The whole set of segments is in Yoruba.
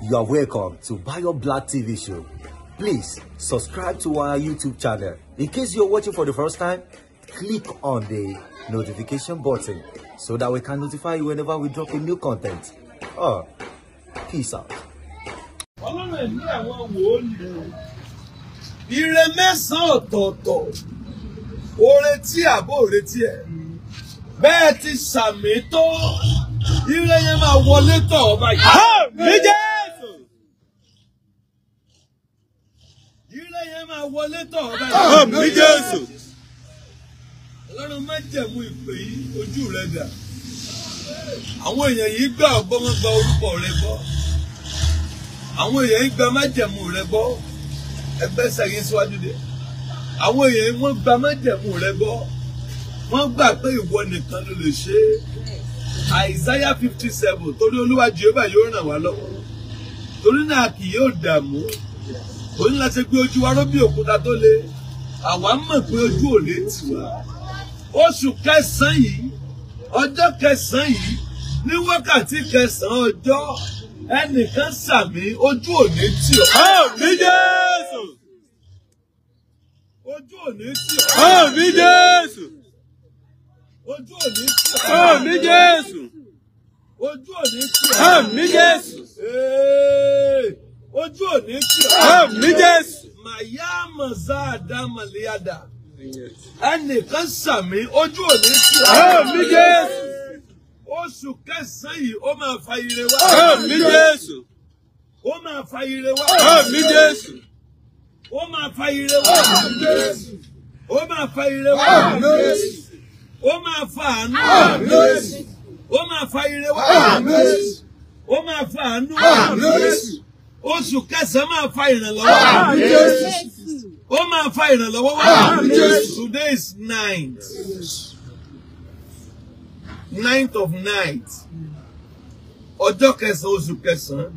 You are welcome to Bio Black TV show. Please subscribe to our YouTube channel. In case you're watching for the first time, click on the notification button so that we can notify you whenever we drop a new content. Oh, peace out. ire mẹ́sàn-án ọ̀tọ̀ọ̀tọ̀ oore tí àbó ẹ̀ bẹ́ẹ̀ ti sàmì tó ire yẹn máa wọlé tọ̀ ọba yìí. Àmì ìrẹ́ yẹn máa wọlé tọ̀ ọ́ báyìí. àmì jésù. ọlọ́run má jẹ̀mú ìpè yìí ojú rẹ̀ dà àwọn èèyàn yìí gbà ọgbọ́n wọn gba orúkọ rẹ gbọ́ àwọn èèyàn yìí gba májẹ̀mú rẹ gbọ́ ẹgbẹ́ sẹ́yìn síwájú dé àwọn èèyàn yìí wọ́n gba májẹ̀mú rẹ gbọ́ wọ́n gbà pé ìwọ nìkan ló lè ṣe é àìsáyà fifty seven torí olúwa jehova yóò ràn wá lọ́wọ́ torí náà kì yóò dààmú ó ní láti gbé ojú wa róbì òkúta tó le àwa mọ̀ pé ojú ò lè tì wá oṣù kẹsàn-án yìí ọjọ́ kẹsàn-án yìí ní wákàtí kẹsàn-án ọjọ́ ẹnìkan sàmì ojú ò ní tì ọ́. àmì Jésù. ojú ò ní tì ọ́. àmì Jésù. ojú ò ní tì ọ́. àmì Jésù. ojú ò ní tì ọ́. àmì Jésù ojú òní tì ọ́. ní jésù. màyà mọ̀sá àdámọ̀ léyàdá ẹnìkan sàmì ojú òní tì ọ́. ní jésù. oṣù kẹsàn-án yìí ó máa fa ire wá. ní jésù. ó máa fa ire wá. ní jésù. ó máa fa ire wá. ní jésù. ó máa fa ire wá. ní jésù. ó máa fa àánú wá. jésù. ó máa fa ire wá. ní jésù. ó máa fa àánú wá. ní jésù oṣù kẹsàn-án máa fa ìrànlọ́wọ́ wá. Ah, ó máa fa ìrànlọ́wọ́ wá. Ah, today is ninth ninth of night ọjọ́ kẹsàn-án oṣù kẹsàn-án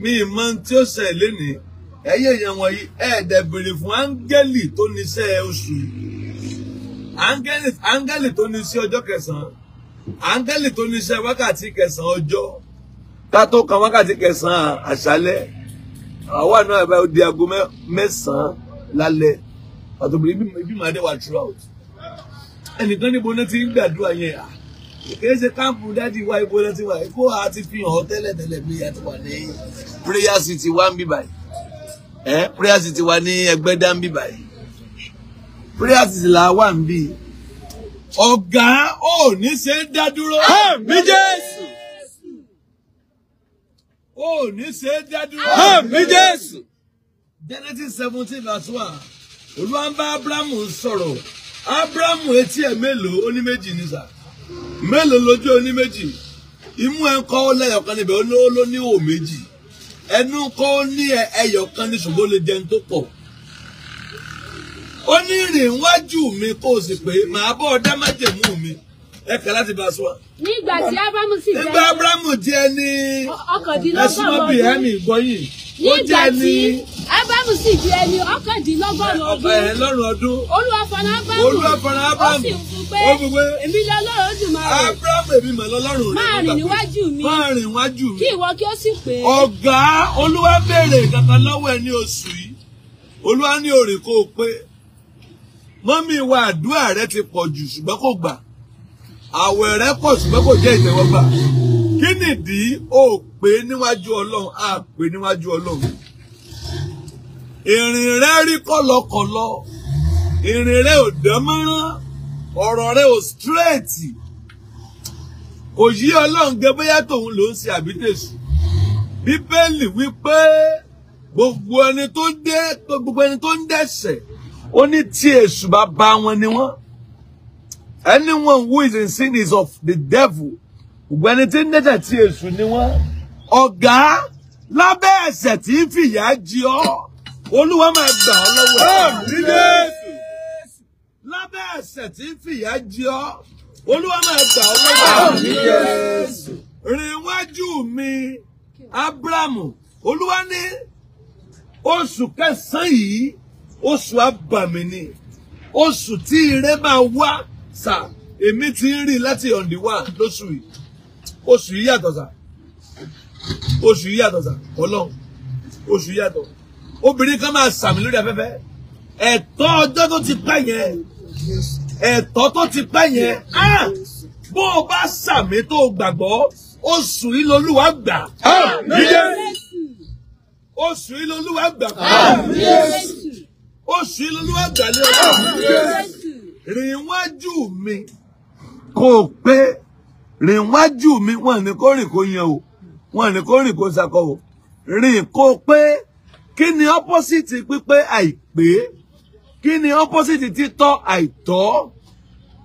mi ìmọ̀ tí ó ṣe léni ẹ̀yẹ èèyàn wọ̀nyí ẹ̀ẹ́dẹ̀ béèrè fún áńgẹ́lì tó níṣẹ́ oṣù áńgẹ́lì tó níṣẹ́ ọjọ́ kẹsàn-án áńgẹ́lì tó níṣẹ́ wákàtí kẹsàn-án ọjọ́ ká tó kan wákàtí kẹsàn-án àṣálẹ́ àwa náà ẹ̀ báyìí ó di aago mẹ́sàn-án lálẹ́ pàtó ibi màá dẹ̀ wá throughout ẹnìkan níbo náà ti ń gbàdúrà yẹn à kìí ṣe káàpù dájú ìwà ibo náà ti wà kó a ti fi hàn tẹ́lẹ̀tẹ́lẹ̀ bí a ti wà ní prayer city wa ń bí báyìí ẹ prayer city wa ní ẹgbẹ́dá ń bí báyìí prayer city là wà ń bí ọ̀gá ò ní ṣe dá dúró. ẹ ó ní ṣe é dádúró. àmín jésù. genesis seventeen verse one olúwa ń bá abrahamu sọ̀rọ̀ abrahamu etí ẹ̀ mélòó ó ní méjì ní sà mélòó lójú ó ní méjì imú ẹ̀ kọ́ ó lẹ́yọ̀kan níbẹ̀ ó ní ó ló ní òò méjì ẹnu kọ́ ó ní ẹyọ̀kan ní ṣùgbọ́n ó lè jẹun tó pọ̀ ó ní rìn wájú mi kó o sì pé màá bọ́ ọ dá májèmú mi ẹ kà láti verse one. nígbà tí abrahamu sì jẹ́ nígbà abrahamu jẹ́ ẹni ọkàndínlọ́gọ́rùn ọdún ẹ̀sùn bíi ẹ̀mí ìgbọ́yìn ó jẹ́ sì jẹ́ ẹni ọkàndínlọ́gọ́rùn ọdún ẹ̀ẹ́lọ́rùn ọdún olúwa fara abrahamu olúwa fara abrahamu ó sì fún pé èmi lọ́lọ́run ó sì máa rìn abrahamu èmi mà lọ́lọ́run rẹ̀ máa rìn níwájú mi máa rìn níwájú mi kí ìwọ kí ó sì pé. ọ̀gá olúwa béèrè kankan lọ́wọ́ àwẹ̀ rẹ pọ̀ ṣùgbọ́n kò jẹ́ ìtẹ́wọ́gbà kí nìdí ó pé níwájú ọlọ́run á pé níwájú ọlọ́run ìrìn rẹ rí kọ̀lọ̀kọ̀lọ̀ ìrìn rẹ ò dánmọ́rán ọ̀rọ̀ rẹ ò stírèètì kò yí ọlọ́run gẹ bóyá tòun ló ń ṣe àbídèsù bíbélì wípé gbogbo ẹni tó ń dẹ́ṣẹ̀ ó ní tí èṣù bá bá wọn ni wọ́n anyone who is in sin is of the devil ṣùgbọ́n ẹni tí ń dẹ́ṣẹ̀ tí èṣù ni wọ́n La lábẹ́ ẹ̀ṣẹ̀ tí ń fìyà jì ọ́ olúwa máa gbà ọ́ lọ́wọ́ ẹ̀ lábẹ́ ẹ̀ṣẹ̀ tí ń fìyà jì ọ́ olúwa máa gbà ọ́ lọ́wọ́ ẹ̀ rìn wájú mi abrahamu olúwa ní oṣù kẹsàn-án yìí oṣù abàmì ni oṣù ire máa wá sà èmi ti ń rìn láti ọ̀ǹdí wà lóṣù yìí oṣù yìí yàtọ̀ sà oṣù yìí yàtọ̀ sà ọlọ́run oṣù yìí yàtọ̀ obìnrin kan máa sàmì lórí afẹ́fẹ́ ẹ̀tọ́ ọjọ́ tó ti pẹ́ yẹn ẹ̀tọ́ tó ti pẹ́ yẹn ah! bó o bá sàmì tó o gbàgbọ́ oṣù yìí lolúwa gbà oṣù yìí lolúwa gbà oṣù yìí lolúwa gbà lé rìn wájú mi kò pé rìn wájú mi wọ́n ní kó rìn kó yan o wọ́n ní kó rìn kó sakọ o rìn kó pé kí ni opposite pípé àìpé kí ni opposite títọ́ àìtọ́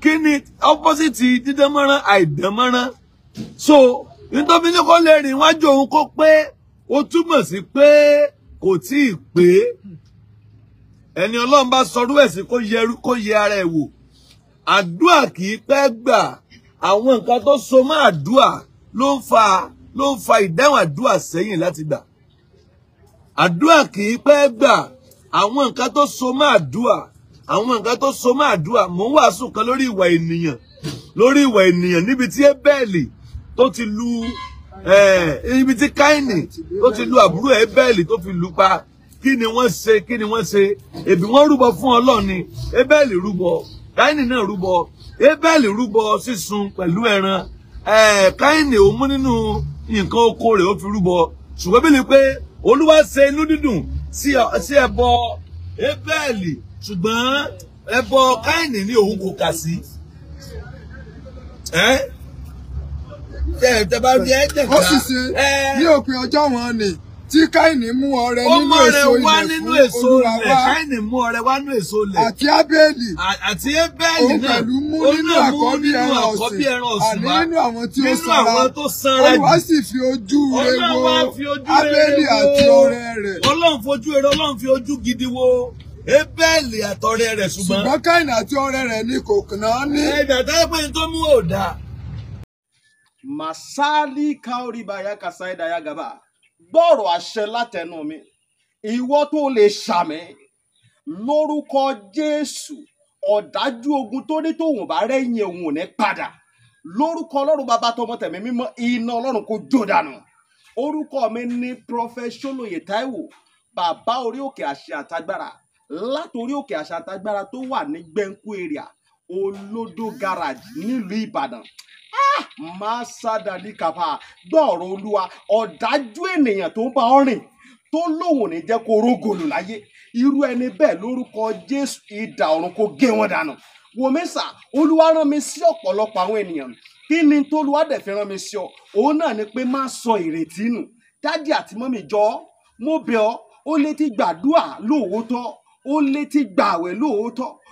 kí ni opposite dídánmọ́rán àìdánmọ́rán so nítorí ní kó lè rìn wájú òun kó pé ó túmọ̀ sí pé kò tí ì pé ẹni ọlọ́run bá sọrú ẹ̀ sí kó yẹ kó yẹ ara ẹ̀ wò àdúà kì í pẹ́ gbà àwọn nǹkan tó so mọ́ àdúà ló ń fa ló ń fa ìdáhùn àdúà sẹ́yìn láti gbà àdúà kì í pẹ́ gbà àwọn nǹkan tó so mọ́ àdúà àwọn nǹkan tó so mọ́ àdúà mò ń wàásù kan lórí ìwà ènìyàn lórí ìwà ènìyàn níbi tí ébẹ́ẹ̀lì tó ti lu ibi eh, tí káìnì tó ti lu àbúrò ébẹ́ẹ̀lì tó fi lù pa kí ni wọ́n ṣe kí ni wọ́n ṣe èbí wọ́n rúbọ fún Ọlọ́run ni Ébẹ́lì rúbọ Káínì náà rúbọ Ébẹ́lì rúbọ sísun pẹ̀lú ẹran Káínì ó mú nínú nǹkan oko rẹ̀ ó fi rúbọ ṣùgbọ́n bí ni pé Olúwa ṣe inú dídùn sí ẹbọ Ébẹ́lì ṣùgbọ́n ẹbọ Káínì ni òun kò kà sí tẹ tẹ bá rí ẹ tẹ ká ó sì ṣe ní òpin ọjọ́ wọn ni tí káìní mú ọrẹ nínú èso ilẹ̀ fún olúwa wá káìní mú ọrẹ wá nínú èso ilẹ̀ àti ábẹ́ẹ̀lì àti ábẹ́ẹ̀lì náà òun pẹ̀lú mú nínú àkọ́bí ẹran ọ̀sìn àní nínú àwọn tí ó sanra olúwa sì fi ojú rẹ̀ wo àti ọrẹ rẹ̀ ọlọ́run fojú rẹ̀ ọlọ́run fi ojú gidi wo ábẹ́ẹ̀lì àtọrẹ rẹ̀ ṣùgbọ́n ṣùgbọ́n káìní àti ọrẹ rẹ̀ ni kò kàná ní. ẹ̀dà tá Masali kaori baya kasai daya gaba gbọ́rọ̀ àṣẹ látẹnu mi ìwọ tó lè ṣàmì lórúkọ Jésù ọ̀dájú ogun tó ní tòun bá rẹ́yìn òun ò ní padà lórúkọ ọlọ́run bàbá tọmọ tẹ̀mí mímọ́ iná ọlọ́run kò jó dànù orúkọ mi ní prọfẹsọlóye Táíwò bàbá orí òkè àṣẹ àtagbára látòrí òkè àṣẹ àtagbára tó wà ní gbẹ̀ǹkú èrìà olódó garage nílùú ìbàdàn ah, máa sádàdí kàfà gbọ́ọ̀rọ̀ olúwa ọ̀dájú ènìyàn tó ń bá ọ rìn tó lóun ò ní jẹ́ kó rógòlù láyé irú ẹni bẹ́ẹ̀ lórúkọ jésù idà ọ̀run kó gé wọn dànù wòmísà olúwa rán mi sí ọ̀pọ̀lọpọ̀ àwọn ènìyàn kí ni tolúwa dẹ̀ fi rán mi sí ọ òun náà ni pé má sọ ìrètí nù dádì àti mọ́mì jọ ọ́ mo bẹ̀ ọ́ ó lè ti gbàdúà lóòótọ́ ó lè ti gbààwẹ̀ lóòótọ́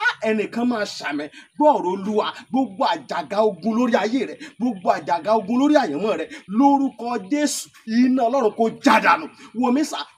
Ah, ẹnìkan máa ṣàmì gbọ́ọ̀rọ̀ olúwa gbogbo àjàgà ogun lórí ayé rẹ gbogbo àjàgà ogun lórí àyànmọ́ rẹ lórúkọ jésù iná ọlọ́run kò jádànù wọmísà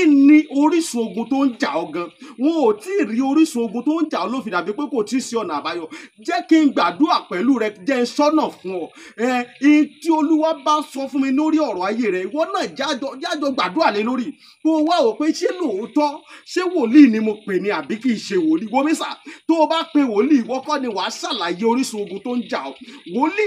kí ni orísun ogun tó ń jà ọ gan wọn ò tí ì rí orísun ogun tó ń jà ọ ló fi dàbí pé kò tí ì sí ọ̀nà àbáyọ jẹ́ kí n gbàdúrà pẹ̀lú rẹ jẹ́ n sọ́nà fún ọ ẹ tí olúwa bá sọ fún mi lórí ọ̀rọ̀ ayé rẹ ìwọ náà jájọ gbàdúrà lé lórí kó o wá wò pé ṣé lóòótọ́ ṣé wòlíì ni mo pè ní àbí kì í ṣe wòlíì gomisa tó o bá pe wòlíì ìwọ kọ́ ni wàá ṣàlàyé orísun ogun tó ń jà ọ wòlíì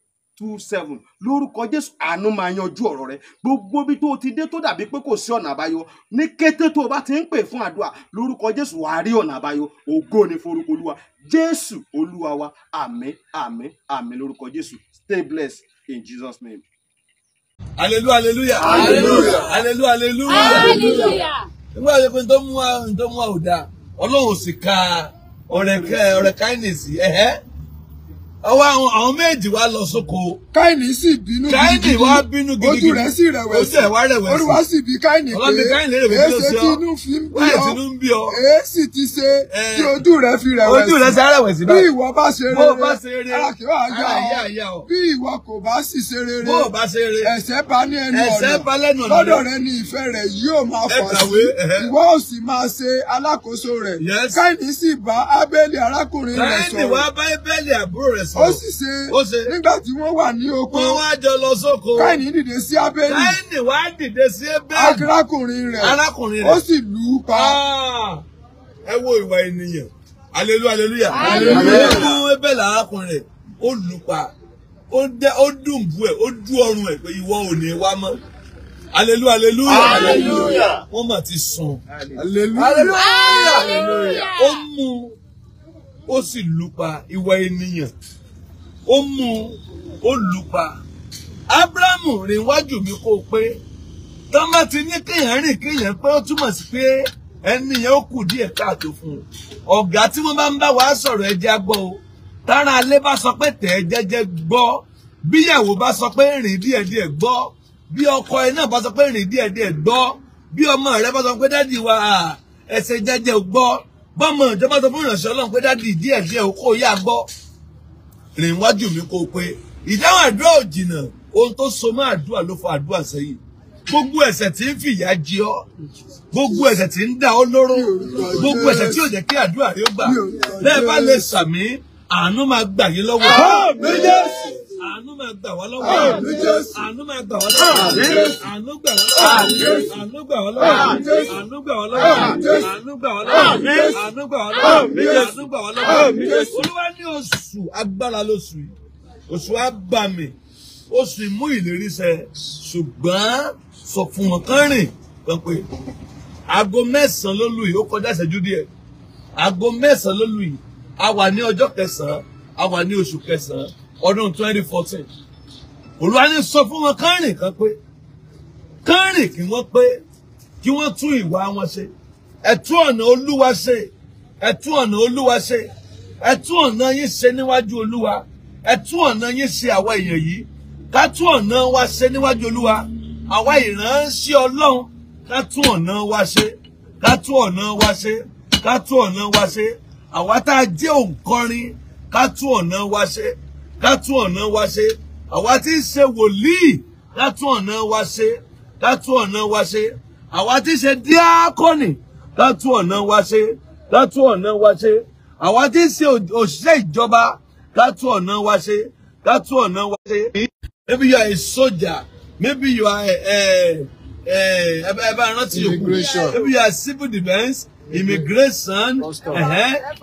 two seven lórúkọ jésù àánú máa yanjú ọ̀rọ̀ rẹ gbogbo bí tó o ti dé tó dàbí pé kò sí ọ̀nà àbáyọ ní kété tó o bá ti ń pè fún àdúrà lórúkọ jésù wàá rí ọ̀nà àbáyọ ògo ni forúkọ olúwa jésù olúwa wa àmín àmín àmín lórúkọ jésù stay blessed in jesus name. hallelujah hallelujah hallelujah hallelujah hallelujah nígbà tó pé tó mú wa tó wa ò dáa ọlọ́run sì ka ọ̀rẹ́ ọ̀rẹ́ kindness ẹ̀hẹ́ ọwọ́ àwọn àwọn méjì wá lọ sóko. káìní sì bínú gidigidi káìní wá bínú gidigidi ojú rẹ̀ sì rẹ̀wẹ̀sì ojú ẹ̀ wá rẹ̀wẹ̀sì olúwa sì bí káìní pé èsè tí inú fi ń bí ọ èsì ti ṣe tí eh. ojú rẹ̀ fi rẹ̀wẹ̀sì ojú rẹ̀ sá rẹ̀wẹ̀sì báyìí bí ìwọ bá ṣe rere ara kì í wà á yá ọ bí ìwọ kò bá sì ṣe rere ẹ̀ṣẹ̀ bá ní ẹnu ọ̀nà lọ́dọ̀ rẹ̀ ni ìfẹ́ rẹ̀ yóò máa fà sí ìwọ ò sì ó sì ṣe nígbà tí wọ́n wà ní oko wọ́n wá jọ lọ sóko káìní dìde sí abẹ́lì káìní wá dìde sí abẹ́lì arákùnrin rẹ̀ arákùnrin rẹ̀ ó sì lù ú pa. Ah! ẹ wo ìwà ènìyàn alelu aleluya alelu ebel arákùnrin rẹ̀ ó lù pa ó dùn bú ẹ̀ ó dú ọrùn ẹ̀ pé ìwọ ò ní wá mọ́ aleluya aleluya wọ́n mà ti sùn aleluya ó mú ó sì lù pa ìwà ènìyàn. ó mú ó lùpa Ábúráhámù rìn wájú mi kó pé tán ti ní kéèyàn rìn kéèyàn pé ó túmọ̀ sí pé ẹni yẹn ó kù díẹ̀ káàtó fún un ọ̀gá tí wọ́n bá ń bá wa sọ̀rọ̀ ẹja gbọ́ o tára bá sọ pé tẹ̀ jẹ́jẹ́ gbọ́ bíyàwó bá sọ pé rìn díẹ̀díẹ̀ gbọ́ bí ọkọ ẹ náà bá sọ pé rìn díẹ̀díẹ̀ gbọ́ bí ọmọ rẹ bá sọ pé dádì wa ẹsẹ̀ jẹ́jẹ́ rìn wájú mi kó pé ìdáhùn àdúrà ò jìnnà ohun tó so mọ́ àdúrà ló fa àdúrà sẹ́yìn gbogbo ẹ̀ṣẹ̀ tí ń fìyà jẹ ọ́ gbogbo ẹ̀ṣẹ̀ tí ń dà ọ́ lóró gbogbo ẹ̀ṣẹ̀ tí ò jẹ́ kí àdúrà rẹ gbà bẹ́ẹ̀ bá lè sàmí àánú máa gbà yín lọ́wọ́ àánú máa gbà wá lọ́wọ́ àmín Jésù àánú máa gbà wá lọ́wọ́ àmín Jésù àánú gbà wá lọ́wọ́ àmín Jésù àánú gbà wá lọ́wọ́ àmín Jésù àánú gbà wá lọ́wọ́ àmín Jésù àánú gbà wá lọ́wọ́ àmín Jésù àánú gbà wá lọ́wọ́ àmín Jésù àánú gbà wá lọ́wọ́ àmín Jésù olúwa ní oṣù agbára lóṣù yìí oṣù abàmì oṣù ìmú ìlérí ṣẹ ṣùgbọ́n sọ fún wọn kán rìn pẹpẹ aago mẹ́sàn-án ló lù yìí ó kọjá ìṣẹ́jú díẹ̀ aago mẹ́sàn-án ló lù yìí a wà ní ọjọ́ kẹsàn-án a wà ní oṣù kẹsàn-án ọdún 2014 olúwa ní sọ fún wọn kánrìn kan pé kánrìn kí wọ́n pé kí wọ́n tún ìwà wọn ṣe ẹ tún ọ̀nà olúwa ṣe ẹ tún ọ̀nà olúwa ṣe ẹ tún ọ̀nà yín ṣe níwájú olúwa ẹ tún ọ̀nà yín ṣe àwa èèyàn yìí ká tún ọ̀nà wa ṣe níwájú olúwa àwa ìránṣẹ́ ọlọ́run ká tún ọ̀nà wa ṣe ká ọ̀nà wa ṣe ká ọ̀nà wa ṣe àwa tá a jẹ́ òǹkọrin ká ọ̀nà wa ṣe ká tún ọ̀nà wa ṣe àwa tí ń ṣe wòlíì ká tún ọ̀nà wa ṣe ká tún ọ̀nà wa ṣe àwa tí ń ṣe díákọ́nì ká tún ọ̀nà wa ṣe ká tún ọ̀nà wa ṣe àwa tí ń ṣe òṣìṣẹ́ ìjọba ká tún ọ̀nà wa ṣe ká tún ọ̀nà wa ṣe. maybe you are a soldier maybe you are ẹ eh, ẹ eh, eh, ẹ bá rántí yòókù maybe you are civil defence immigration, uh-huh.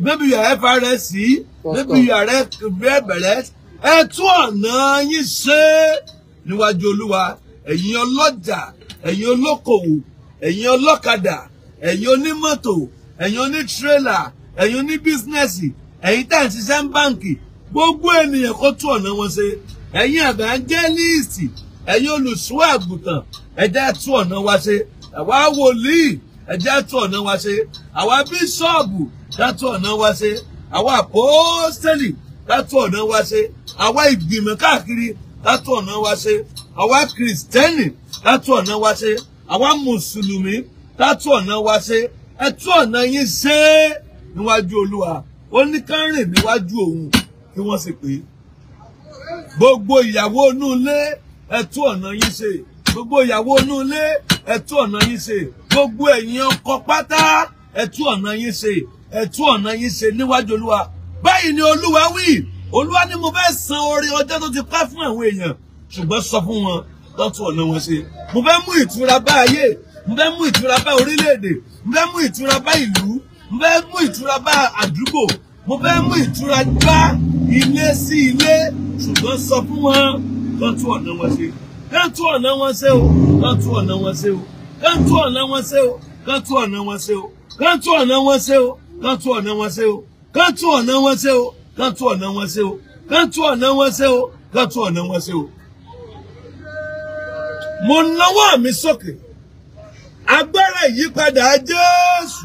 maybe you are FRSC, maybe you are FBRS. Ẹ tún ọ̀nà yín ṣe níwájú Olúwa, ẹ̀yin ọlọ́jà, ẹ̀yin olókòwò, ẹ̀yin ọlọ́kadà, ẹ̀yin onímọ́tò, ẹ̀yin onítírélà, ẹ̀yin oníbísínẹ́sì, ẹ̀yin tá à ń ṣiṣẹ́ ń báǹkì, gbogbo ènìyàn kó tún ọ̀nà wọn ṣe. Ẹ̀yin àbájẹ́líìsì, ẹ̀yin olùṣọ́ àgùntàn, ẹ̀dá tún ọ̀nà wa ṣe. Àwa wòlíì ẹjẹ́ àtún ọ̀nà wa ṣe àwa bíṣọ́ọ̀bù dátún ọ̀nà wa ṣe àwa àpọ́sẹ́lì dátún ọ̀nà wa ṣe àwa ìgbìmọ̀ káàkiri dátún ọ̀nà wa ṣe àwa kìrìsìtẹ́nì dátún ọ̀nà wa ṣe àwa mùsùlùmí dátún ọ̀nà wa ṣe ẹtún ọ̀nà yín ṣe níwájú olúwa ó ní ká rìn níwájú òun kí wọ́n sì pé gbogbo ìyàwó inú ilé ẹtún ọ̀nà yín ṣe gbogbo ìyàwó inú ilé ẹtún ọ̀nà yín ṣe gbogbo ẹ̀yin ọkọ pátá ẹ tú ọ̀nà yín ṣe ẹ tú ọ̀nà yín ṣe níwájú olúwa báyìí ni olúwa wí olúwa ni mo fẹ́ san oore ọjọ́ tó ti pẹ́ fún àwọn èèyàn ṣùgbọ́n sọ fún wọn lọ́tún ọ̀nà wọn ṣe mo fẹ́ mú ìtura bá ayé mo fẹ́ mú ìtura bá orílẹ̀-èdè mo fẹ́ mú ìtura bá ìlú mo fẹ́ mú ìtura bá àdúgbò mo fẹ́ mú ìtura bá ilé sí ilé ṣùgbọ́n sọ fún wọn lọ́tún ọ̀nà wọn ṣe lọ́tún ọ̀nà wọn ṣe o lọ́tún ọ̀nà wọn ṣe o kán tú ọ̀nà wọn ṣe o kán tú ọ̀nà wọn ṣe o kán tú ọ̀nà wọn ṣe o kán tú ọ̀nà wọn ṣe o kán tú ọ̀nà wọn ṣe o kán tú ọ̀nà wọn ṣe o kán tú ọ̀nà wọn ṣe o kán tú ọ̀nà wọn ṣe o. mo nawọ́ mi sókè agbára ìyípadà Jésù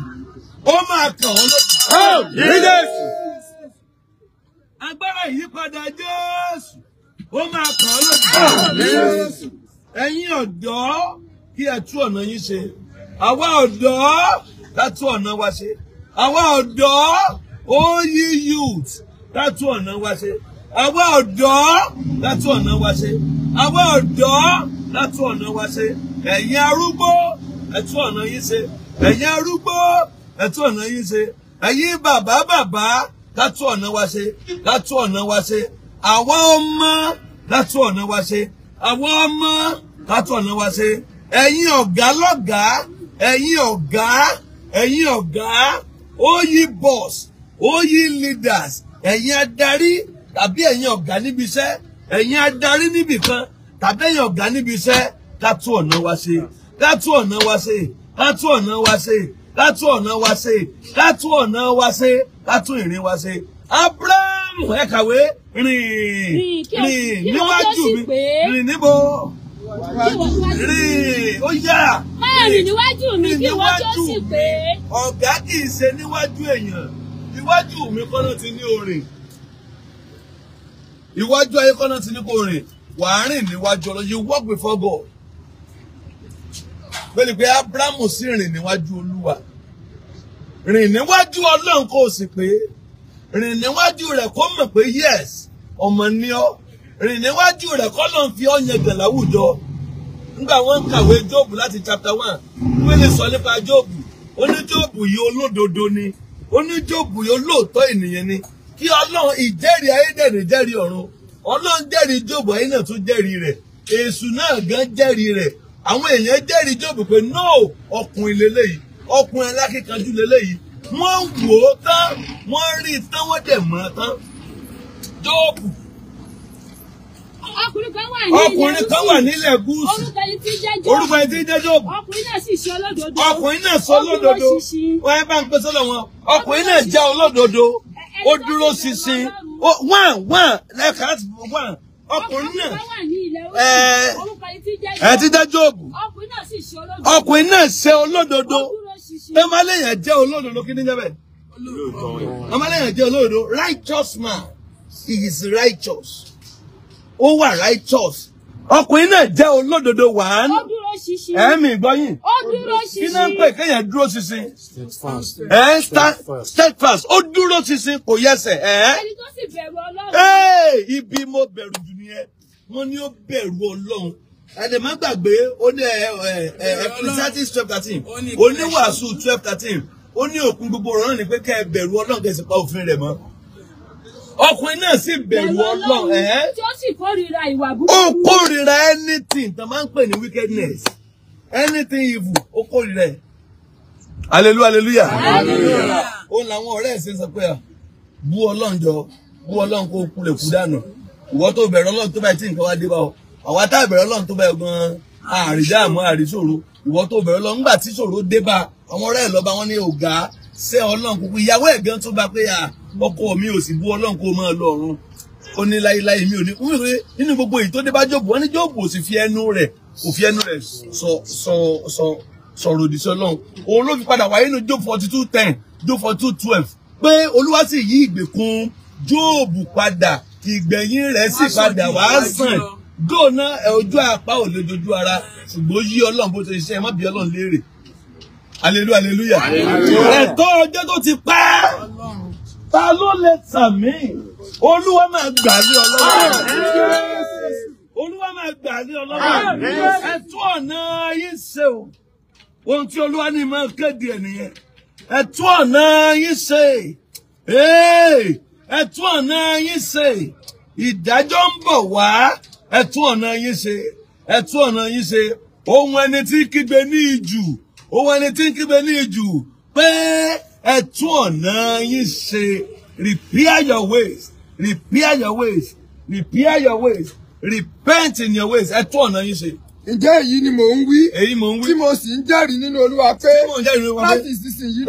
ó máa kàn ọ́ lójú. agbára ìyípadà Jésù ó máa kàn ọ́ lójú. ẹ̀yin ọ̀dọ́ kí ẹ tú ọ̀nà yín ṣe àwa ọ̀dọ́ ká tú ọ̀nà wa ṣe àwa ọ̀dọ́ oyi youth ká tú ọ̀nà wa ṣe àwa ọ̀dọ́ ká tú ọ̀nà wa ṣe àwa ọ̀dọ́ ká tú ọ̀nà wa ṣe ẹ̀yin arúgbó ẹ tú ọ̀nà yín ṣe ẹ̀yin arúgbó ẹ tú ọ̀nà yín ṣe ẹ̀yin bàbá bàbá ká tú ọ̀nà wa ṣe ká tú ọ̀nà wa ṣe àwa ọmọ ká tú ọ̀nà wa ṣe àwa ọmọ ká tú ọ̀nà wa ṣe ẹ̀yin ọ̀gá lọ́gàá ẹ̀yin ọ̀gá ẹ̀yin ọ̀gá oyi boss oyi leaders ẹ̀yin adarí tàbí ẹ̀yin ọ̀gá níbi iṣẹ́ ẹ̀yin adarí níbì kan tàbí ẹ̀yin ọ̀gá níbi iṣẹ́ ká tún ọ̀nà wa ṣe ká tún ọ̀nà wa ṣe ká tún ọ̀nà wa ṣe ká tún ọ̀nà wa ṣe ká tún ọ̀nà wa ṣe ká ìrìn wa ṣe Abraham ẹ kàwé rìn rìn níwájú mi rìn níbo rí ó yá. máa rìn níwájú mi kí wọ́n tó sì pé. ọ̀gá kì í ṣe níwájú èèyàn iwájú mi kọ́nà ti ní orin iwájú ayé kọ́nà ti ní kò rìn wàá rìn níwájú ọlọ́ you walk before God bẹ́ẹ̀ni pé Abrahamu sì rìn níwájú Olúwa rìn níwájú Ọlọ́run kò sì pé rìn níwájú rẹ̀ kó mọ̀ pé yes ọmọ ní ọ rìn níwájú rẹ̀ kọ́ ló ń fi ọ yẹn gàn láwùjọ nígbà wọ́n ń kàwé jóòbù láti chapter one Bíbélì sọ nípa jóòbù ó ní jóòbù yìí olódodo ni ó ní jóòbù yìí olóòótọ́ ènìyàn ni kí ọlọ́run ìjẹ́rìí ayédèrè jẹ́rìí ọ̀run ọlọ́run jẹ́rìí jóòbù ayé náà tún jẹ́rìí rẹ̀ èṣù náà gan jẹ́rìí rẹ̀ àwọn èèyàn jẹ́rìí jóòbù pé no ọkùnrin lélẹ́yìí ọkùnrin alákíkanjú lélẹ́yìí wọ́n wò ó tán wọ́n rí tán wọ́n dẹ̀ mọ́ tán jóòbù ọkùnrin kan wà nílẹ̀ ọkùnrin kan wà nílẹ̀ gúúsù orúkọ ẹni tí jẹ́ Jóòbù orúkọ ẹni tí jẹ́ Jóòbù ọkùnrin náà sì ṣe olódodo ọkùnrin náà sọ olódodo wọ́n ẹ bá ń pè sọ́dọ̀ wọn ọkùnrin náà jẹ́ olódodo ó dúró ṣinṣin wọ́n wọ́n lẹ́ka láti wọ́n ọkùnrin náà ẹ ti jẹ́ Jóòbù ọkùnrin náà ṣe olódodo ẹ má léèyàn jẹ́ olódodo kí ni jẹ́ bẹ́ẹ̀ ọmọ léèyàn jẹ́ olódodo righteous man he is righteous ó wà righteous ọkùnrin náà jẹ́ olódodo wàán ẹ̀mí gbọ́yìn kí náà ń pè kéèyàn dúró ṣinṣin ẹ̀ steadfast ó dúró ṣinṣin kò yẹsẹ̀ ẹ̀ ẹ̀ ibi mo bẹ̀rù jù nìyẹn wọ́n ní ó bẹ̀rù ọlọ́run ẹni má gbàgbé ó ní ẹ ẹ ecclesiastes twelve thirteen oníwàásù twelve thirteen ó ní òkun gbogbo ọ̀rọ̀ náà ni pé kẹ́ ẹ bẹ̀rù ọlọ́run kẹ́ ẹ sì pa òfin rẹ̀ mọ́ ọkùnrin náà sì bẹ̀rù ọlọ́run ó kórìíra anything tó máa ń pè ní wickedness anything evil ó kórìíra ẹ̀. aleluya aleluya. ó làwọn ọ̀rẹ́ ẹ̀sìn sọ pé bú ọlọ́run jọ bú ọlọ́run kó kulè kú dànù ìwọ tó bẹ̀rù ọlọ́run tó báyìí tí nǹkan wá dé bá ọ àwa tá bẹ̀rù ọlọ́run tó báyìí gan-an àrídààmú àríṣòro ìwọ tó bẹ̀rù ọlọ́run nígbà tí ìṣòro dé bá àwọn ọ̀rẹ́ ẹ̀ lọ́ba wọn ní ọ̀gá sẹ́ ọlọ́run kúkú ìyàwó ẹ̀ gan tó bá pé ọkọ mi ò sì bú ọlọ́run kó máa lọ ọ̀run ó ní láíláí mi ò ní wíwé nínú gbogbo èyí tó dé bá jòbù wọn ní jòbù ò sì fi ẹnu rẹ̀ kò fi ẹnu rẹ̀ sọ sọ sọ sọ̀rọ̀ òdì sí ọlọ́run òun ló fi padà wáyé nínú job forty two ten job forty two twelve pé olúwa sì yí ìgbèkùn jóòbù padà ìgbẹ̀yìn rẹ̀ sì padà wá sàn góòná ojú apá ò lójoojú ara ṣùgbọ́n yí ọlọ́run bó ṣe ṣe ẹ má bí ọlọ́run léèrè aleluya aleluya ẹ̀tọ́ ọjọ́ tó ti pẹ́ ta ló lè tàn mí olúwa máa gbà lé ọlọ́run olúwa máa gbà lé ọlọ́run ẹ tún ọ̀nà yín ṣe o ohun tí olúwa ní máa kéde ẹ̀nìyẹn ẹ tún ọ̀nà yín ṣe ẹ tún ọ̀nà yín ṣe ìdájọ́ ń bọ̀ wá ẹ tún ọ̀nà yín ṣe ẹ ọ̀nà yín ṣe ohun ẹni tí kígbe ní ìjù ohun ẹni tí kígbe ní ìjù pé ẹ tún ọ̀nà yín ṣe repair your ways repair your ways repair your ways repent in your ways ẹ tún ọ̀nà yín ṣe. ǹjẹ́ èyí ni mò ń wí èyí mò ń wí tí mo sì ń jẹ́rìí nínú olúwa pé láti ìsinsìnyí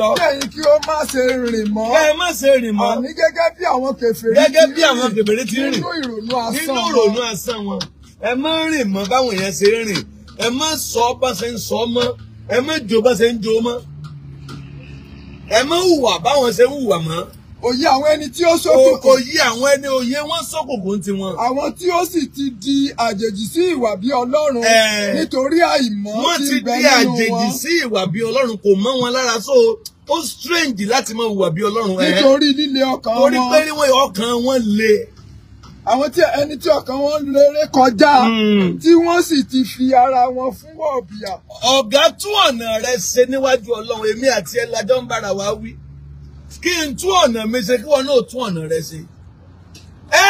lọ lẹ́yìn kí ó má ṣe rìn mọ́ ẹ má ṣe rìn mọ́ àní gẹ́gẹ́ bí àwọn kèfèrí gẹ́gẹ́ bí àwọn kèfèrí ti rìn nínú ìrònú asán nínú ìrònú asán wọn ẹ má rìn mọ́ báwọn yẹn ṣe rìn ẹ má sọ bá ṣe ń sọ mọ́ ẹ má jó bá ṣe ń jó mọ́ ẹ mọ hùwà báwọn ṣe ń hùwà mọ́. òye àwọn ẹni tí ó ṣókùnkùn. òye àwọn ẹni òye wọn ṣókùnkùn ti wọn. àwọn tí ó sì ti di àjèjì sí ìwà bí ọlọ́run. nítorí àìmọ̀ ti bẹ nínú wọn. ti di àjèjì sí ìwà bí ọlọ́run kò mọ́ wọn lára so ó strange láti mọ hùwà bí ọlọ́run. nítorí líle ọkàn wọn. orí pé níwọ̀n ọkàn wọn le àwọn tí ẹni tí ọkàn wọn rere kọjá hmm. tí wọ́n sì ti fi ara wọn fún ọ̀bìà. ọ̀gá tún ọ̀nà rẹ ṣe níwájú ọlọ́run èmi àti ẹ lajọ ń bára wa wí kí n tún ọ̀nà mi ṣe kí wọn náà tún ọ̀nà rẹ ṣe.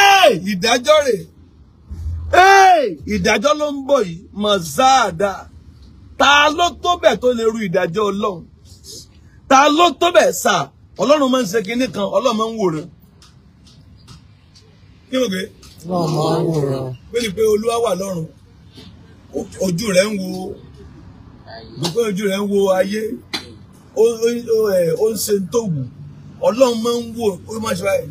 ẹ́ẹ̀ ìdájọ́ rè ẹ́ẹ̀ ìdájọ́ ló ń bọ̀ yìí mọ̀ záàdà ta ló tó bẹ̀ tó lè ru ìdájọ́ ọlọ́run ta ló tó bẹ̀ sà ọlọ́run máa ń ṣe kinní kan ọlọ́run máa ń wòran kí ló pé. ọlọ́run máa ń wòran. bẹ́ẹ̀ni pé olúwa wà lọ́run ojú rẹ̀ ń wo gbogbo ojú rẹ̀ ń wo ayé ó ń ṣe tó wù ọlọ́run máa ń wò ó máa ṣe báyìí